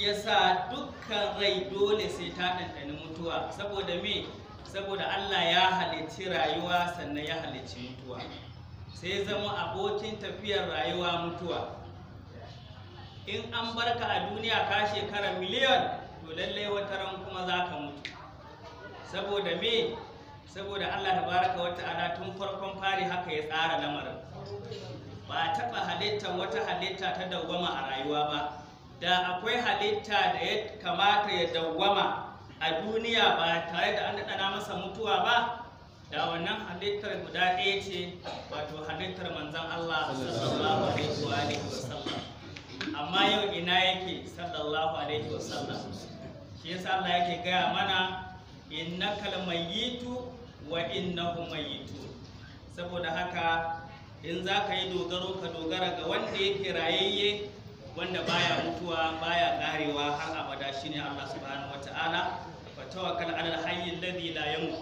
yasa dukkan rai dole sai ta ɗanɗani mutuwa saboda me saboda Allah ya halicci rayuwa sannan ya halicci mutuwa sai zama abokin tafiyar rayuwa mutuwa in an barka a duniya ka shekara miliyan, to lallai wata ran kuma za ka mutu saboda me saboda Allah ya baraka wata ana tun farkon fari haka ya tsara lamarin ba taɓa halittar wata halitta ta dawwama a rayuwa ba da akwai halitta da ya kamata ya dawwama a duniya ba tare da an daɗa masa mutuwa ba da wannan halittar guda ɗaya ce wato halittar manzan Allah sallallahu alaihi wa alihi amma yau ina yake sallallahu alaihi wasallam shi yasa Allah yake gaya mana innakal mayyitu wa innahu mayitu saboda haka in za ka yi dogaro ka dogara ga wanda yake rayayye wanda baya mutuwa baya karewa har abada shine Allah subhanahu wata'ala fa tawakkal ala alhayyil ladhi la yamut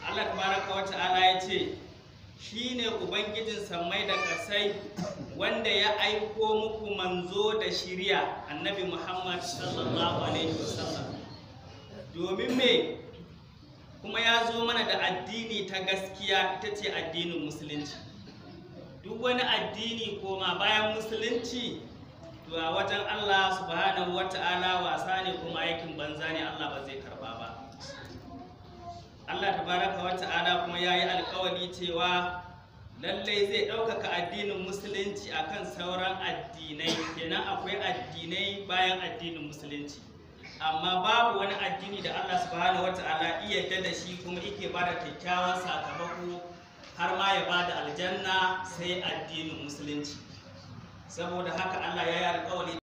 Allah tabaraka wata'ala yace shine ubangijin samai da kasai wanda ya aiko muku manzo da shiriya annabi Muhammad sallallahu alaihi wasallam domin me kuma ya zo mana da addini ta gaskiya ita ce addinin musulunci duk wani addini koma bayan musulunci to a wajen Allah subhanahu wata'ala wasa ne kuma aikin banza ne Allah ba zai karba ba Allah tabaraka wata'ala kuma ya yi alkawari cewa lallai zai ɗaukaka addinin musulunci akan sauran addinai kenan akwai addinai bayan addinin musulunci amma babu wani addini da Allah subhanahu wata'ala iya dada shi kuma yake bada kyakkyawan sakamako har ma ya da aljanna sai addinin musulunci saboda haka Allah ya yi alƙawari